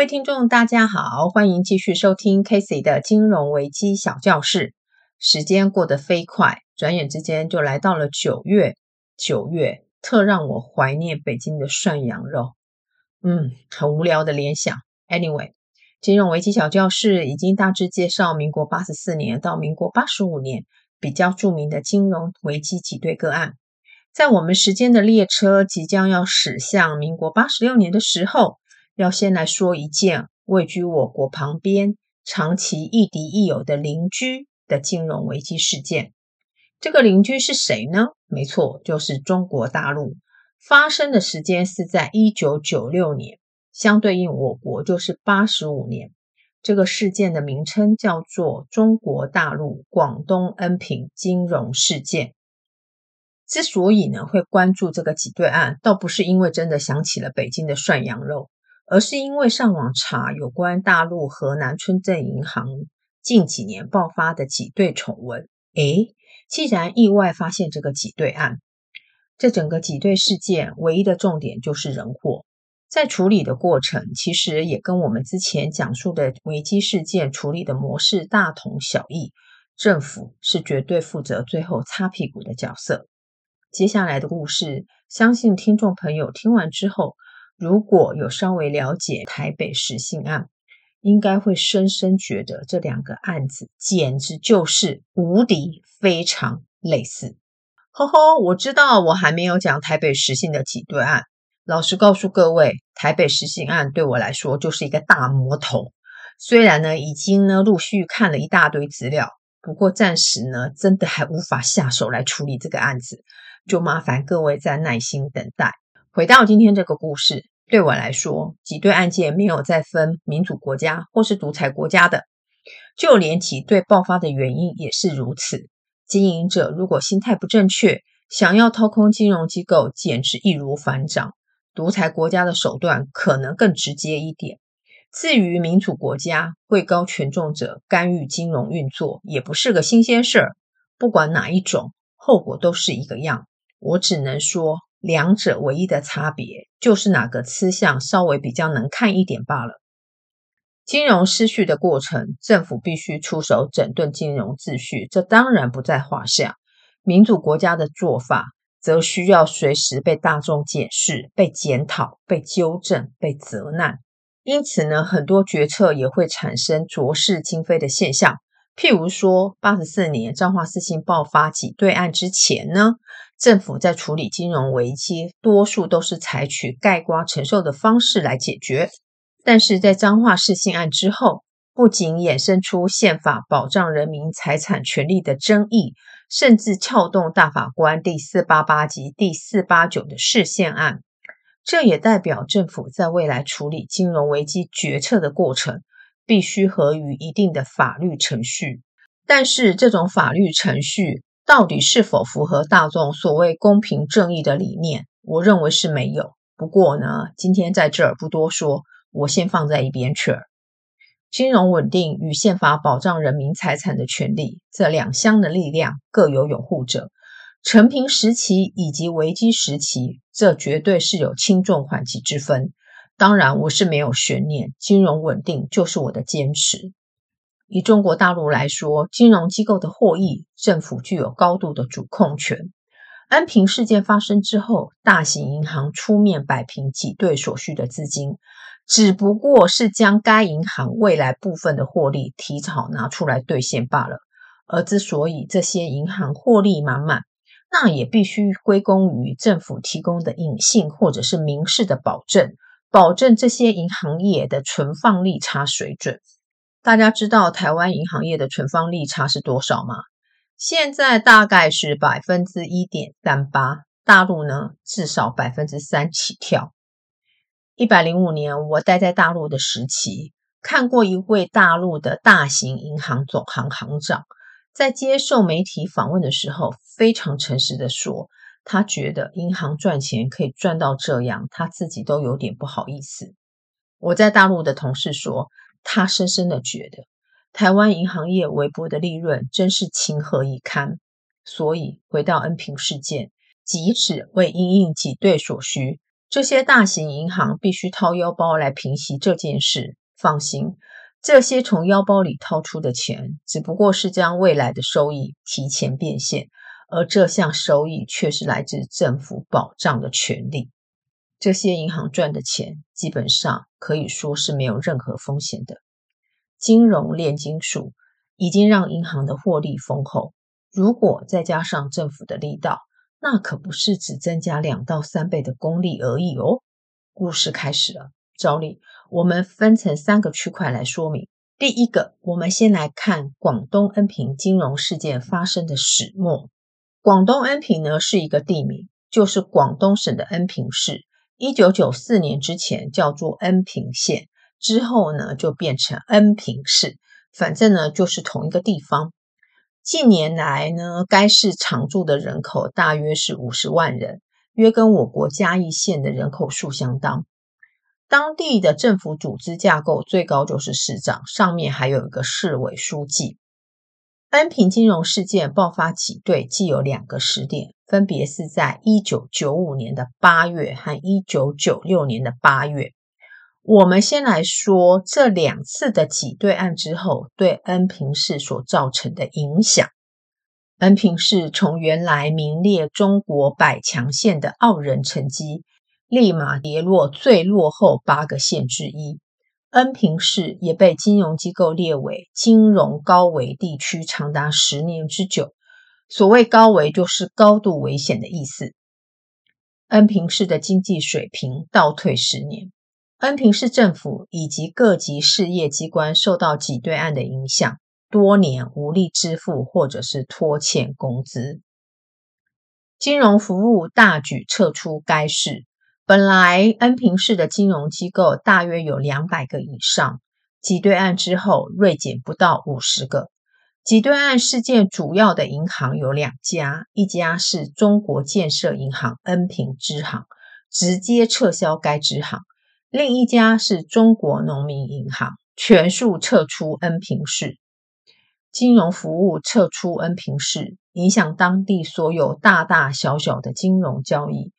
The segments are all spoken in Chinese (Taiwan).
各位聽眾，大家好，歡迎繼續收聽 Casey 的金融危機小教室。時間過得飛快，轉眼之間就來到了九月。九月特讓我懷念北京的涮羊肉。嗯，很無聊的聯想。Anyway，金融危機小教室已經大致介紹民國八十四年到民國八十五年比較著名的金融危機擠兌個案。在我們時間的列車即將要駛向民國八十六年的時候。要先來說一件位居我國旁邊、長期亦敵亦友的鄰居的金融危機事件。這個鄰居是誰呢？沒錯，就是中國大陸。發生的時間是在一九九六年，相對應我國就是八十五年。這個事件的名稱叫做中國大陸廣東恩平金融事件。之所以呢會關注這個擠兌案，倒不是因為真的想起了北京的涮羊肉。而是因為上網查有關大陸河南村鎮銀行近幾年爆發的擠兌醜聞，誒，既然意外發現這個擠兌案，這整個擠兌事件唯一的重點就是人禍。在處理的過程，其實也跟我們之前講述的危機事件處理的模式大同小異，政府是絕對負責最後擦屁股的角色。接下來的故事，相信聽眾朋友聽完之後。如果有稍微了解台北十信案，應該會深深覺得這兩個案子簡直就是無敵非常類似。呵呵，我知道我還沒有講台北十信的擠兌案。老實告訴各位，台北十信案對我來說就是一個大魔頭。雖然呢，已經呢陸續看了一大堆資料，不過暫時呢真的還無法下手來處理這個案子，就麻煩各位再耐心等待。回到今天這個故事。對我來說，擠兌案件沒有再分民主國家或是獨裁國家的，就連擠兌爆發的原因也是如此。經營者如果心態不正確，想要掏空金融機構，簡直易如反掌。獨裁國家的手段可能更直接一點。至於民主國家，位高權重者干預金融運作，也不是個新鮮事兒。不管哪一種，後果都是一個樣。我只能說。兩者唯一的差別就是哪個吃相稍微比較能看一點罷了。金融失序的過程，政府必須出手整頓金融秩序，這當然不在話下。民主國家的做法，則需要隨時被大眾解釋、被檢討、被糾正、被責難。因此呢，很多決策也會產生昨是今非的現象。譬如說，八十四年彰化四信爆發擠兌案之前呢。政府在處理金融危機，多數都是採取概括承受的方式來解決。但是在彰化市信案之後，不僅衍生出憲法保障人民財產權，權利的爭議，甚至撬動大法官第四八八及第四八九的釋憲案。這也代表政府在未來處理金融危機決策的過程，必須合於一定的法律程序。但是這種法律程序。到底是否符合大眾所謂公平正義的理念？我認為是沒有。不過呢，今天在這兒不多說，我先放在一邊去。金融穩定與憲法保障人民財產的權利，這兩相的力量各有擁護者。承平時期以及危機時期，這絕對是有輕重緩急之分。當然，我是沒有懸念，金融穩定就是我的堅持。以中國大陸來說，金融機構的獲益，政府具有高度的主控權。恩平事件發生之後，大型銀行出面擺平擠兌所需的資金，只不過是將該銀行未來部分的獲利提早拿出來兌現罷了。而之所以這些銀行獲利滿滿，那也必須歸功於政府提供的隱性或者是明示的保證，保證這些銀行業的存放利差水準。大家知道台灣銀行業的存放利差是多少嗎？現在大概是百分之一點三八。大陸呢，至少百分之三起跳。一百零五年我待在大陸的時期，看過一位大陸的大型銀行總行行長在接受媒體訪問的時候，非常誠實的說，他覺得銀行賺錢可以賺到這樣，他自己都有點不好意思。我在大陸的同事說，他深深的覺得，台灣銀行業微薄的利潤真是情何以堪。所以回到恩平事件，即使為因應擠兌所需，這些大型銀行必須掏腰包來平息這件事。放心，這些從腰包裡掏出的錢，只不過是將未來的收益提前變現，而這項收益卻是來自政府保障的權利。這些銀行賺的錢基本上可以說是沒有任何風險的。金融煉金術已經讓銀行的獲利豐厚，如果再加上政府的力道，那可不是只增加兩到三倍的功力而已哦。故事開始了，照例，我們分成三個區塊來說明。第一個，我們先來看廣東恩平金融事件發生的始末。廣東恩平呢是一個地名，就是廣東省的恩平市。一九九四年之前叫做恩平縣，之後呢就變成恩平市，反正呢就是同一個地方。近年來呢，該市常住的人口大約是五十萬人，約跟我國嘉義縣的人口數相當。當地的政府組織架構最高就是市長，上面還有一個市委書記。恩平金融事件爆發起訖，計有兩個時點。分別是在一九九五年的八月和一九九六年的八月。我們先來說這兩次的擠兌案之後對恩平市所造成的影響。恩平市從原來名列中國百強縣的傲人成績，立馬跌落最落後八個縣之一。恩平市也被金融機構列為金融高危地區，長達十年之久。所謂高危就是高度危險的意思。恩平市的經濟水平倒退十年，恩平市政府以及各級事業機關受到擠兌案的影響，多年無力支付或者是拖欠工資。金融服務大舉撤出該市，本來恩平市的金融機構大約有兩百個以上，擠兌案之後銳減不到五十個。擠兌案事件主要的銀行有兩家，一家是中國建設銀行恩平支行，直接撤銷該支行；另一家是中國農民銀行，全數撤出恩平市。金融服務撤出恩平市，影響當地所有大大小小的金融交易。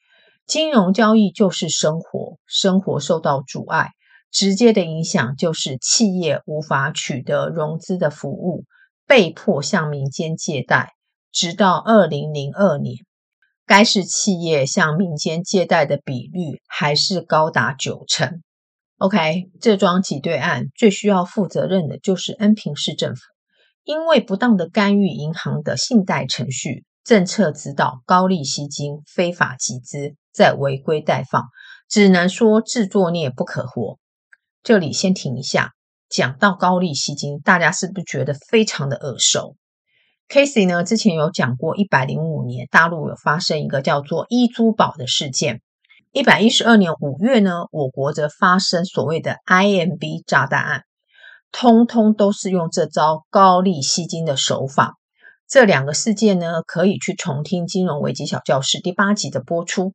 金融交易就是生活，生活受到阻礙，直接的影響就是企業無法取得融資的服務。被迫向民間借貸，直到二零零二年，該市企業向民間借貸的比率還是高達九成。OK，這樁擠兌案最需要負責任的就是恩平市政府，因為不當的干預銀行的信貸程序、政策指導、高利息金、非法集資、再違規貸放，只能說自作孽不可活。這裡先停一下。講到高利吸金，大家是不是覺得非常的耳熟？Casey 呢，之前有講過105，一百零五年大陸有發生一個叫做“ E 租寶”的事件；一百一十二年五月呢，我國則發生所謂的 IMB 炸彈案，通通都是用這招高利吸金的手法。這兩個事件呢，可以去重聽《金融危機小教室》第八集的播出。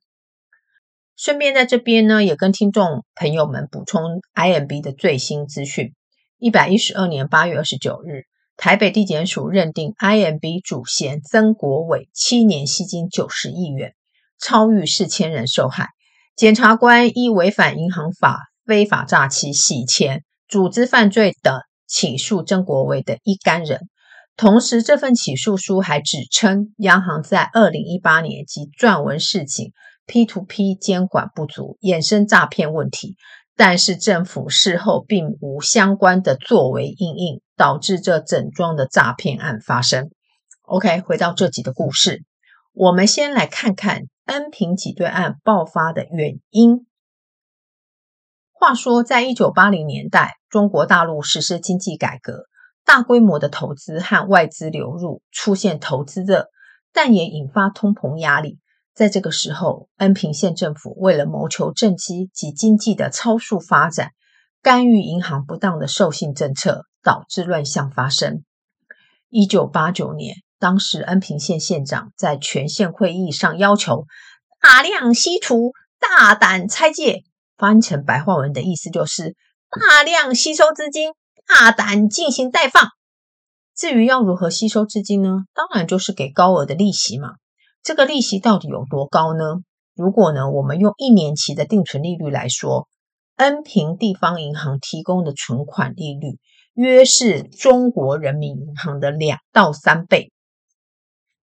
順便在這邊呢，也跟聽眾朋友們補充 IMB 的最新資訊。一百一十二年八月二十九日，台北地檢署認定 IMB 主嫌曾國偉七年吸金九十億元，超逾四千人受害。檢察官依違反銀行法、非法詐欺、洗錢、組織犯罪等，起訴曾國偉的一干人。同時，這份起訴書還指稱央行在二零一八年即撰文示警 P to P 監管不足，衍生詐騙問題。但是政府事後並無相關的作為因應，導致這整樁的詐騙案發生。OK，回到這集的故事，我們先來看看恩平擠兌案爆發的原因。話說，在一九八零年代，中國大陸實施經濟改革，大規模的投資和外資流入，出現投資熱，但也引發通膨壓力。在這個時候，恩平縣政府為了謀求政績及經濟的超速發展，干預銀行不當的授信政策，導致亂象發生。一九八九年，當時恩平縣縣長在全縣會議上要求大量吸儲、大膽拆借。翻成白話文的意思就是大量吸收資金、大膽進行貸放。至於要如何吸收資金呢？當然就是給高額的利息嘛。這個利息到底有多高呢？如果呢，我們用一年期的定存利率來說，恩平地方銀行提供的存款利率約是中國人民銀行的兩到三倍。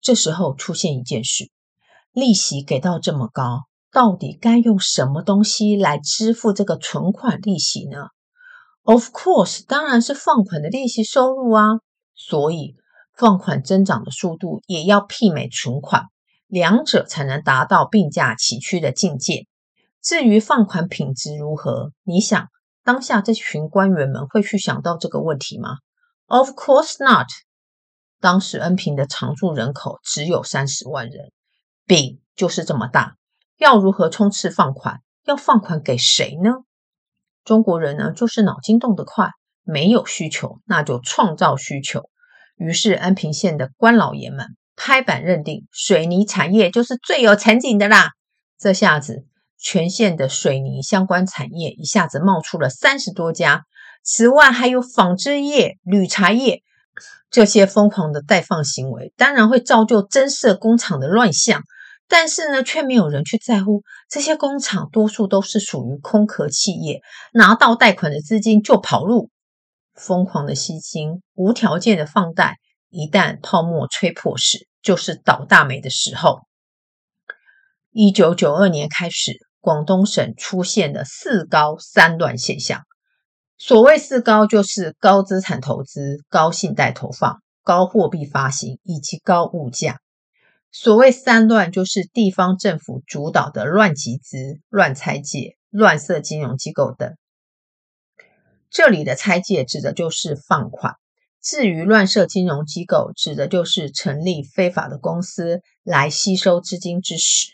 這時候出現一件事，利息給到這麼高，到底該用什麼東西來支付這個存款利息呢？Of course，當然是放款的利息收入啊。所以放款增長的速度也要媲美存款。兩者才能達到並駕齊驅的境界。至於放款品質如何，你想當下這群官員們會去想到這個問題嗎？Of course not。當時恩平的常住人口只有三十萬人，餅就是這麼大，要如何衝刺放款？要放款給誰呢？中國人呢，就是腦筋動得快，沒有需求，那就創造需求。於是恩平縣的官老爺們，拍板認定水泥產業就是最有前景的啦！這下子全縣的水泥相關產業一下子冒出了三十多家，此外還有紡織業、鋁茶葉，這些瘋狂的貸放行為，當然會造就增設工廠的亂象。但是呢，卻沒有人去在乎這些工廠多數都是屬於空殼企業，拿到貸款的資金就跑路，瘋狂的吸金，無條件的放貸。一旦泡沫吹破時，就是倒大霉的時候。一九九二年開始，廣東省出現了“四高三亂”現象。所謂“四高”，就是高資產投資、高信貸投放、高貨幣發行以及高物價。所謂“三亂”，就是地方政府主導的亂集資、亂拆借、亂設金融機構等。這裡的拆借指的就是放款。至於亂設金融機構，指的就是成立非法的公司來吸收資金之時。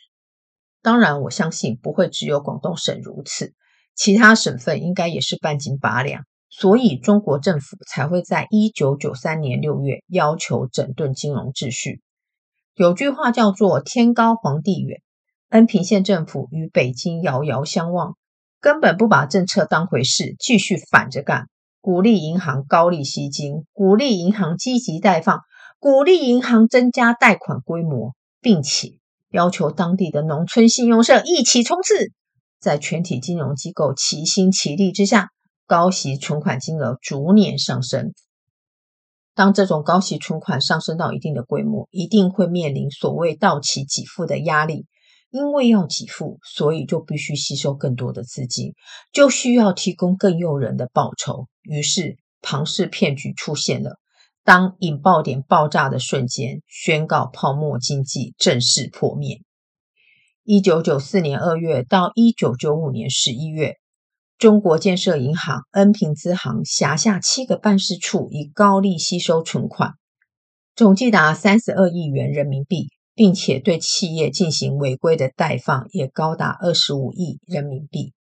當然，我相信不會只有廣東省如此，其他省份應該也是半斤八兩。所以，中國政府才會在一九九三年六月要求整頓金融秩序。有句話叫做“天高皇帝遠”，恩平縣政府與北京遙遙相望，根本不把政策當回事，繼續反着幹。鼓勵銀行高利吸金，鼓勵銀行積極貸放，鼓勵銀行增加貸款規模，並且要求當地的農村信用社一起衝刺。在全體金融機構齊心齊力之下，高息存款金額逐年上升。當這種高息存款上升到一定的規模，一定會面臨所謂到期給付的壓力。因為要給付，所以就必須吸收更多的資金，就需要提供更誘人的報酬。於是龐氏騙局出現了。當引爆點爆炸的瞬間，宣告泡沫經濟正式破滅。一九九四年二月到一九九五年十一月，中國建設銀行恩平支行轄下七個辦事處以高利吸收存款，總計達三十二億元人民幣。並且對企業進行違規的貸放也高達二十五億人民幣，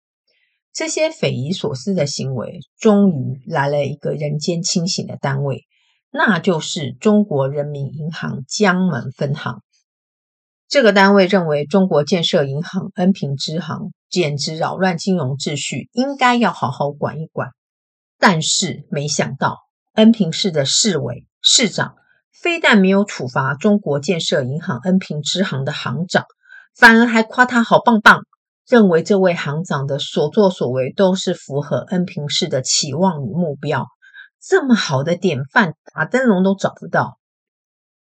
這些匪夷所思的行為，終於來了一個人間清醒的單位，那就是中國人民銀行江門分行。這個單位認為中國建設銀行恩平支行簡直擾亂金融秩序，應該要好好管一管。但是沒想到，恩平市的市委、市長，非但沒有處罰中國建設銀行恩平支行的行長，反而還誇他好棒棒，認為這位行長的所作所為都是符合恩平市的期望與目標。這麼好的典範，打燈籠都找不到。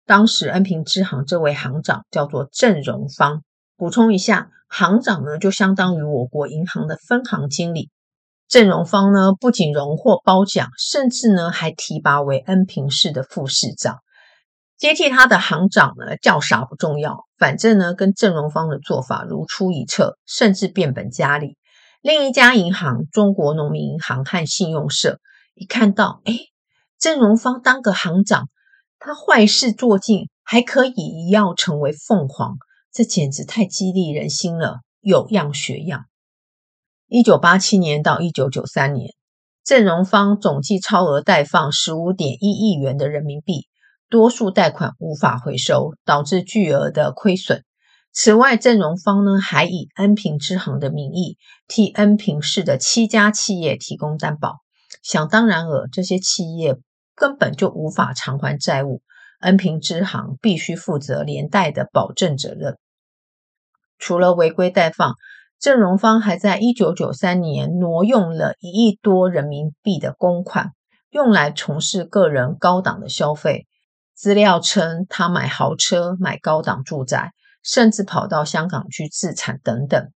當時恩平支行這位行長叫做鄭榮芳。補充一下，行長呢就相當於我國銀行的分行經理。鄭榮芳呢不僅榮獲褒獎，甚至呢還提拔為恩平市的副市長。接替他的行長呢，叫啥不重要，反正呢，跟鄭榮芳的做法如出一轍，甚至變本加厲。另一家銀行中國農民銀行和信用社一看到，誒，鄭榮芳當個行長，他壞事做盡，還可以一樣成為鳳凰，這簡直太激勵人心了，有樣學樣。一九八七年到一九九三年，鄭榮芳總計超額貸放十五點一億元的人民幣。多數貸款無法回收，導致巨額的虧損。此外，鄭榮芳呢，還以恩平支行的名義替恩平市的七家企業提供擔保，想當然爾，這些企業根本就無法償還債務，恩平支行必須負責連帶的保證責任。除了違規貸放，鄭榮芳還在一九九三年挪用了一億多人民幣的公款，用來從事個人高檔的消費。資料稱，他買豪車、買高檔住宅，甚至跑到香港去置產等等。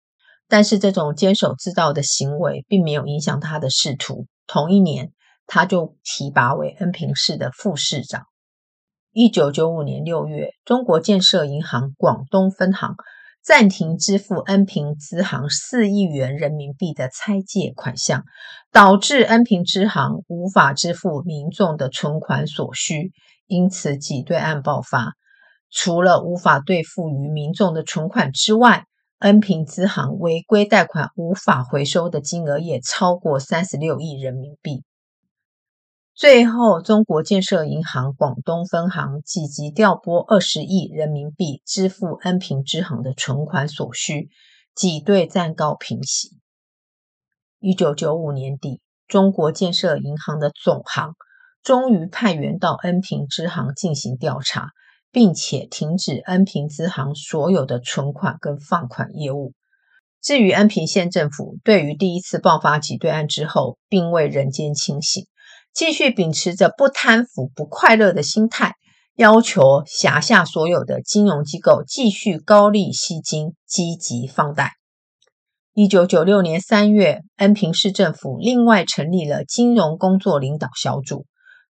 但是，這種監守自盜的行為並沒有影響他的仕途。同一年，他就提拔為恩平市的副市長。一九九五年六月，中國建設銀行廣東分行暫停支付恩平支行四億元人民幣的拆借款項，導致恩平支行無法支付民眾的存款所需。因此擠兌案爆發，除了無法兌付於民眾的存款之外，恩平支行違規貸款無法回收的金額也超過三十六億人民幣。最後，中國建設銀行廣東分行緊急調撥二十億人民幣支付恩平支行的存款所需，擠兌暫告平息。一九九五年底，中國建設銀行的總行。終於派員到恩平支行進行調查，並且停止恩平支行所有的存款跟放款業務。至於恩平縣政府，對於第一次爆發擠兌案之後，並未人間清醒，繼續秉持着不貪腐、不快樂的心態，要求轄下所有的金融機構繼續高利吸金、積極放貸。一九九六年三月，恩平市政府另外成立了金融工作領導小組。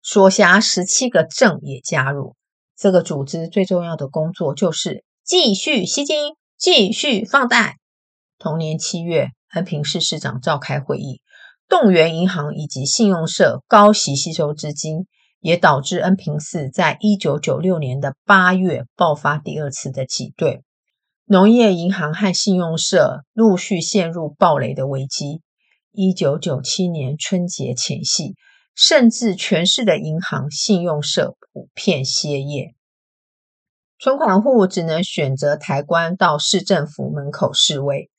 所轄十七個鎮也加入。這個組織最重要的工作就是繼續吸金、繼續放貸。同年七月，恩平市市長召開會議，動員銀行以及信用社高息吸收資金，也導致恩平市在一九九六年的八月爆發第二次的擠兌。農業銀行和信用社陸續陷入暴雷的危機。一九九七年春節前夕。甚至全市的銀行、信用社普遍歇業，存款戶只能選擇抬棺到市政府門口示威，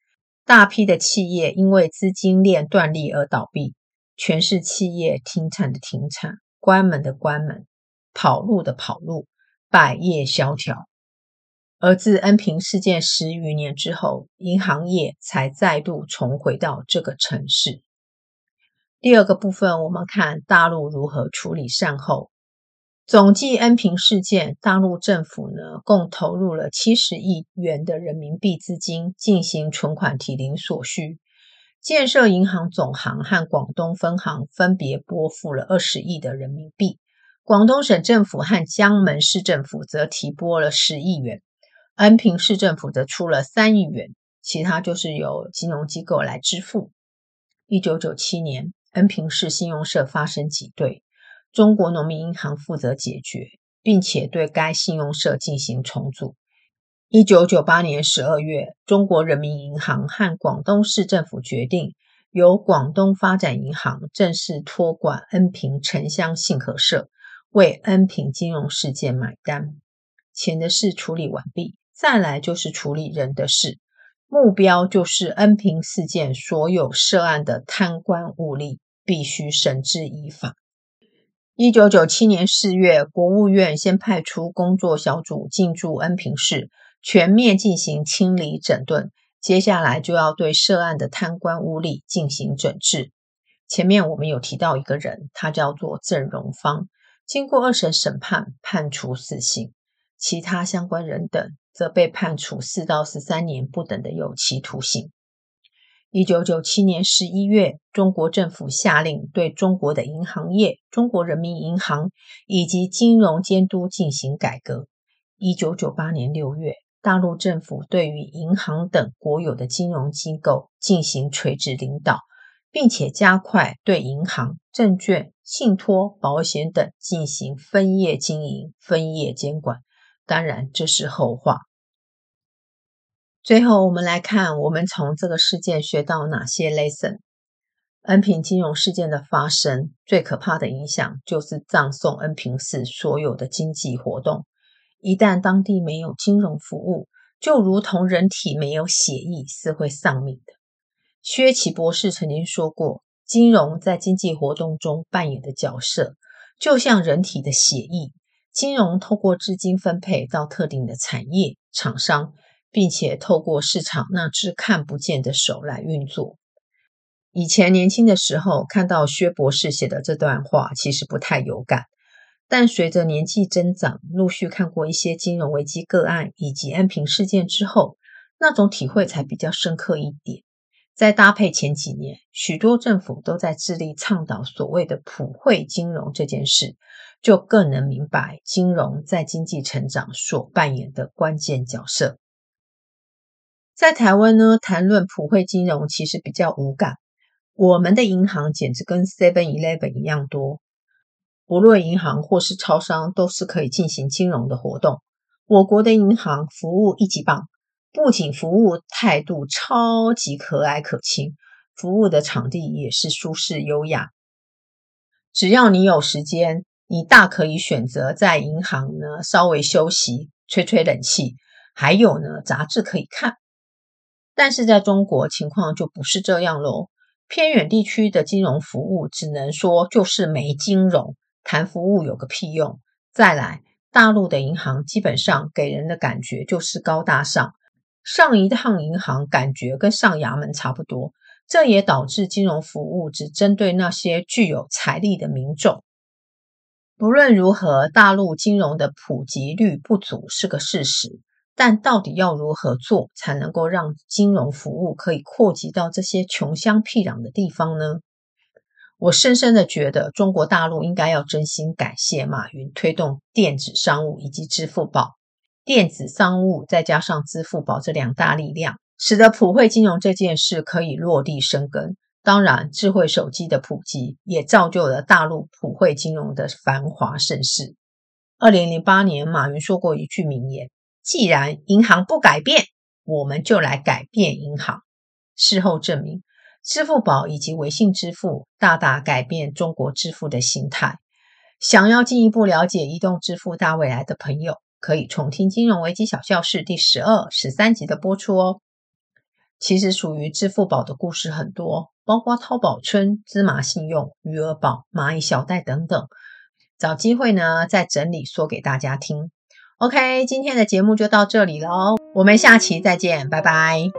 大批的企業因為資金鏈斷裂而倒閉，全市企業停產的停產，關門的關門，跑路的跑路，百業蕭條。而自恩平事件十餘年之後，銀行業才再度重回到這個城市。第二個部分，我們看大陸如何處理善後。總計恩平事件，大陸政府呢共投入了七十億元的人民幣資金進行存款提領。所需，建設銀行總行和廣東分行分別撥付了二十億的人民幣，廣東省政府和江門市政府則提撥了十億元，恩平市政府則出了三億元，其他就是由金融機構來支付。一九九七年。恩平市信用社發生擠兌，中國農民銀行負責解決，並且對該信用社進行重組。一九九八年十二月，中國人民銀行和廣東市政府決定由廣東發展銀行正式托管恩平城鄉信合社，為恩平金融事件買單。錢的事處理完畢，再來就是處理人的事，目標就是恩平事件所有涉案的貪官污吏。必須繩之以法。一九九七年四月，國務院先派出工作小組進駐恩平市，全面進行清理整頓。接下來就要對涉案的貪官污吏進行整治。前面我們有提到一個人，他叫做鄭榮芳，經過二審審判，判處死刑；其他相關人等則被判處四到十三年不等的有期徒刑。一九九七年十一月，中國政府下令對中國的銀行業、中國人民銀行以及金融監督進行改革。一九九八年六月，大陸政府對於銀行等國有的金融機構進行垂直領導，並且加快對銀行、證券、信託、保險等進行分業經營、分業監管。當然，這是後話。最後，我們來看，我們從這個事件學到哪些 lesson？恩平金融事件的發生，最可怕的影響就是葬送恩平市所有的經濟活動。一旦當地沒有金融服務，就如同人體沒有血液是會喪命的。薛奇博士曾經說過，金融在經濟活動中扮演的角色，就像人體的血液。金融透過資金分配到特定的產業廠商。並且透過市場那隻看不見的手來運作。以前年輕的時候看到薛博士寫的這段話，其實不太有感；但隨着年紀增長，陸續看過一些金融危機個案以及安平事件之後，那種體會才比較深刻一點。再搭配前幾年許多政府都在致力倡導所謂的普惠金融這件事，就更能明白金融在經濟成長所扮演的關鍵角色。在台灣呢，談論普惠金融其實比較無感。我們的銀行簡直跟 Seven Eleven 一樣多，不論銀行或是超商，都是可以進行金融的活動。我國的銀行服務一級棒，不僅服務態度超級和藹可親，服務的場地也是舒適優雅。只要你有時間，你大可以選擇在銀行呢稍微休息，吹吹冷氣，還有呢雜誌可以看。但是在中國情況就不是這樣嘍。偏遠地區的金融服務只能說就是沒金融，談服務有個屁用。再來，大陸的銀行基本上給人的感覺就是高大上，上一趟銀行感覺跟上衙門差不多。這也導致金融服務只針對那些具有財力的民眾。不論如何，大陸金融的普及率不足是個事實。但到底要如何做才能夠讓金融服務可以擴及到這些窮鄉僻壤的地方呢？我深深的覺得，中國大陸應該要真心感謝馬雲推動電子商務以及支付寶。電子商務再加上支付寶這兩大力量，使得普惠金融這件事可以落地生根。當然，智慧手機的普及也造就了大陸普惠金融的繁華盛世。二零零八年，馬雲說過一句名言。既然銀行不改變，我們就來改變銀行。事後證明，支付寶以及微信支付大大改變中國支付的形態。想要進一步了解移動支付大未來的朋友，可以重聽《金融危機小教室》第十二、十三集的播出哦。其實屬於支付寶的故事很多，包括淘寶村、芝麻信用、餘額寶、螞蟻小貸等等，找機會呢再整理說給大家聽。OK，今天的節目就到這裡嘍，我們下期再見，拜拜。